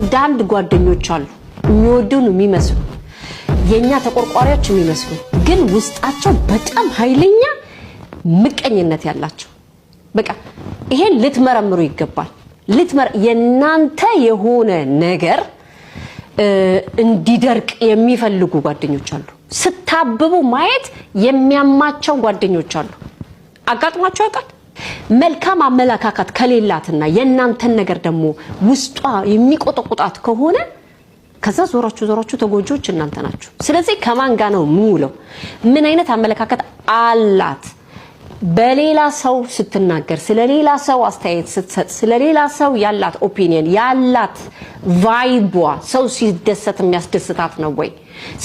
አንዳንድ ጓደኞች አሉ የሚወዱን የሚመስሉ የእኛ ተቆርቋሪዎች የሚመስሉ ግን ውስጣቸው በጣም ኃይለኛ ምቀኝነት ያላቸው በቃ ይሄን ልትመረምሩ ይገባል። የእናንተ የሆነ ነገር እንዲደርቅ የሚፈልጉ ጓደኞች አሉ። ስታብቡ ማየት የሚያማቸው ጓደኞች አሉ። አጋጥሟቸው ያውቃል? መልካም አመለካከት ከሌላትና የእናንተን ነገር ደግሞ ውስጧ የሚቆጠቁጣት ከሆነ ከዛ ዞራችሁ ዞራችሁ ተጎጂዎች እናንተ ናችሁ። ስለዚህ ከማን ጋር ነው የምውለው? ምን አይነት አመለካከት አላት በሌላ ሰው ስትናገር ስለ ሌላ ሰው አስተያየት ስትሰጥ ስለ ሌላ ሰው ያላት ኦፒኒየን ያላት ቫይቧ ሰው ሲደሰት የሚያስደስታት ነው ወይ?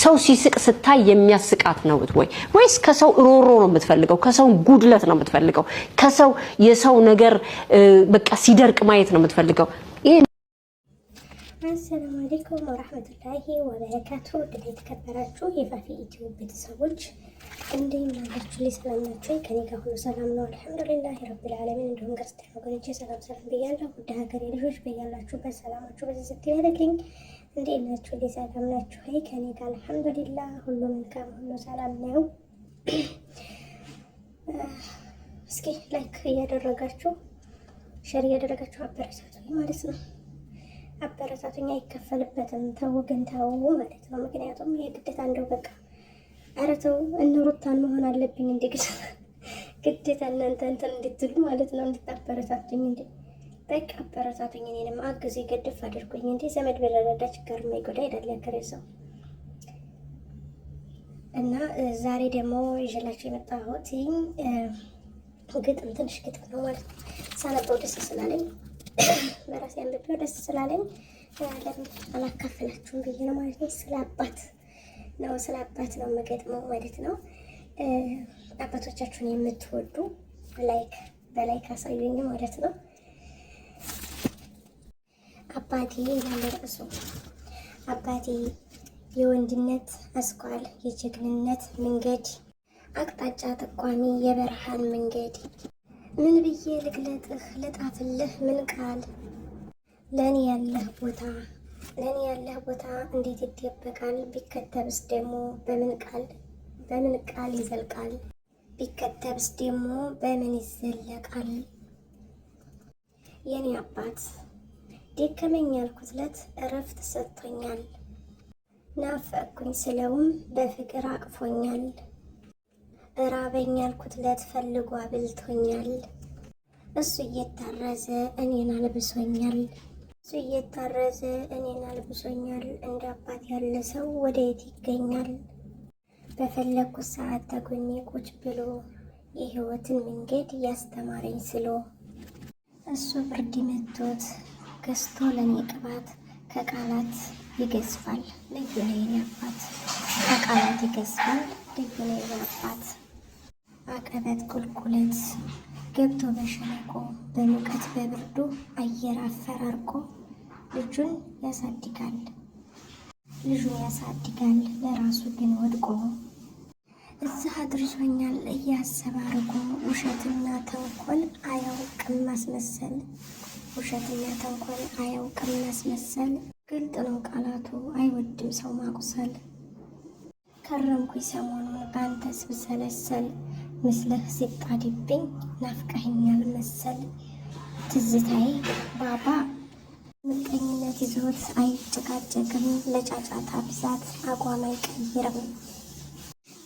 ሰው ሲስቅ ስታይ የሚያስቃት ነው ወይ? ወይስ ከሰው ሮሮ ነው የምትፈልገው? ከሰው ጉድለት ነው የምትፈልገው? ከሰው የሰው ነገር በቃ ሲደርቅ ማየት ነው የምትፈልገው? አሰላሙ አሌይኩም ወረህመቱላሂ ወበረካቱ። ወደ የተከበራችሁ የፋፊ ኢትዮ ቤተሰቦች እንደምን አላችሁ? ሰላም ናችሁ? ከኔ ጋር ሁሉ ሰላም ነው አልሐምዱሊላሂ ረቢል ዓለሚን። እንዲሁም ክርስቲያን ወገኖቼ ሰላም ሰላም ብያለሁ። ውድ ሀገሬ ልጆች በያላችሁበት ሰላማችሁ በዚህ ስትል እንዴት ናችሁ? እንዴ ሰላም ናችሁ? ይ ከኔ ጋር አልሐምዱሊላህ ሁሉ መልካም ሁሉ ሰላም ነው። እስኪ ላይክ እያደረጋችሁ ሸር እያደረጋችሁ አበረታቱ ማለት ነው። አበረታቱኝ። አይከፈልበትም። ተው ግን ተው ማለት ነው። ምክንያቱም ይሄ ግዴታ እንደው በቃ ኧረ ተው እንሩታን መሆን አለብኝ እንደ ግዴታ እናንተ እንትን እንድትሉ ማለት ነው። እንድታበረታቱኝ እንደ በቃ አበረታቱኝ። እኔንም አግዙ፣ ገድፍ አድርጉኝ። እንዴ ዘመድ በረዳዳ ችግር የማይጎዳ አይደለም ከሬሰው እና ዛሬ ደግሞ ይዤላችሁ የመጣሁት ግጥም ትንሽ ግጥም ነው ማለት ነው። ሳነበው ደስ ስላለኝ ሰዓት ያንብቤው ደስ ስላለኝ ለምን አላካፍላችሁም ብዬ ነው ማለት ነው። ስለ አባት ነው ስለ አባት ነው የምገጥመው ማለት ነው። አባቶቻችሁን የምትወዱ ላይክ በላይክ አሳዩኝ ማለት ነው። አባቴ ያለ ርዕሱ አባቴ የወንድነት አስኳል የጀግንነት መንገድ አቅጣጫ ጠቋሚ የበረሃን መንገድ ምን ብዬ ልግለጥህ ልጣፍልህ ምን ቃል ለእኔ ያለህ ቦታ ለእኔ ያለህ ቦታ እንዴት ይደበቃል? ቢከተብስ ደግሞ በምን ቃል በምን ቃል ይዘልቃል? ቢከተብስ ደግሞ በምን ይዘለቃል? የኔ አባት ደከመኝ ያልኩት ዕለት እረፍት ሰጥቶኛል። ናፈቅኩኝ ስለውም በፍቅር አቅፎኛል። እራበኝ ያልኩት ዕለት ፈልጎ አብልቶኛል። እሱ እየታረዘ እኔን አልብሶኛል። እሱ እየታረዘ እኔን አልብሶኛል። እንደ አባት ያለ ሰው ወደ የት ይገኛል? በፈለግኩት ሰዓት ተጎኔ ቁጭ ብሎ የህይወትን መንገድ እያስተማረኝ ስሎ እሱ ብርድ መቶት ገዝቶ ለኔ ቅባት ከቃላት ይገዝፋል ልዩ ነይን አባት ከቃላት ይገዝፋል ልዩ አባት አቀበት ቁልቁለት ገብቶ በሸለቆ በሙቀት በብርዱ አየር አፈራርቆ ልጁን ያሳድጋል ልጁን ያሳድጋል ለራሱ ግን ወድቆ እዚህ አድርሶኛል እያሰባርጎ ውሸትና ተንኮል አያውቅም ማስመሰል ውሸትና ተንኮል አያውቅም ማስመሰል ግልጥ ነው ቃላቱ አይወድም ሰው ማቁሰል ከረምኩኝ ሰሞኑን በአንተ ስብሰለሰል ምስልህ ሲጣድብኝ ናፍቀኸኛል መሰል ትዝታዬ ባባ ምቀኝነት ይዞት አይጨቃጨቅም። ለጫጫታ ብዛት አቋም አይቀይርም።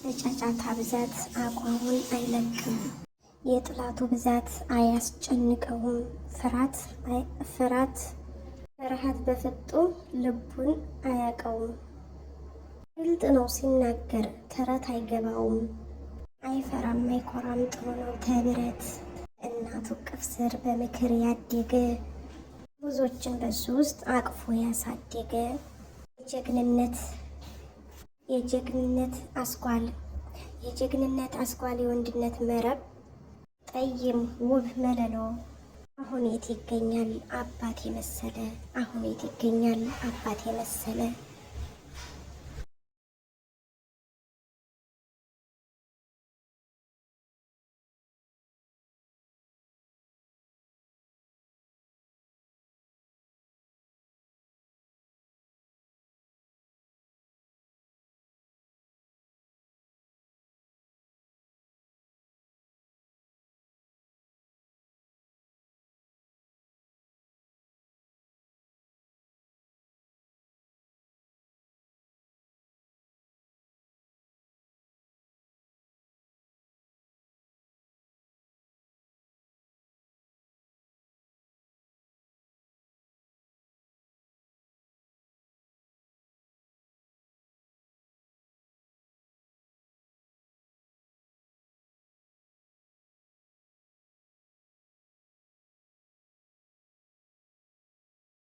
ለጫጫታ ብዛት አቋሙን አይለቅም። የጥላቱ ብዛት አያስጨንቀውም። ፍርሃት ፍራት ፍርሃት በፍጡ ልቡን አያቀውም። ግልጥ ነው ሲናገር ተረት አይገባውም። አይፈራም አይኮራም ጥሩ ነው። ከብረት እናቱ እቅፍ ስር በምክር ያደገ ብዙዎችን በሱ ውስጥ አቅፎ ያሳደገ የጀግንነት የጀግንነት አስኳል የጀግንነት አስኳል የወንድነት መረብ ጠይም ውብ መለሎ አሁን የት ይገኛል አባት የመሰለ አሁን የት ይገኛል አባት የመሰለ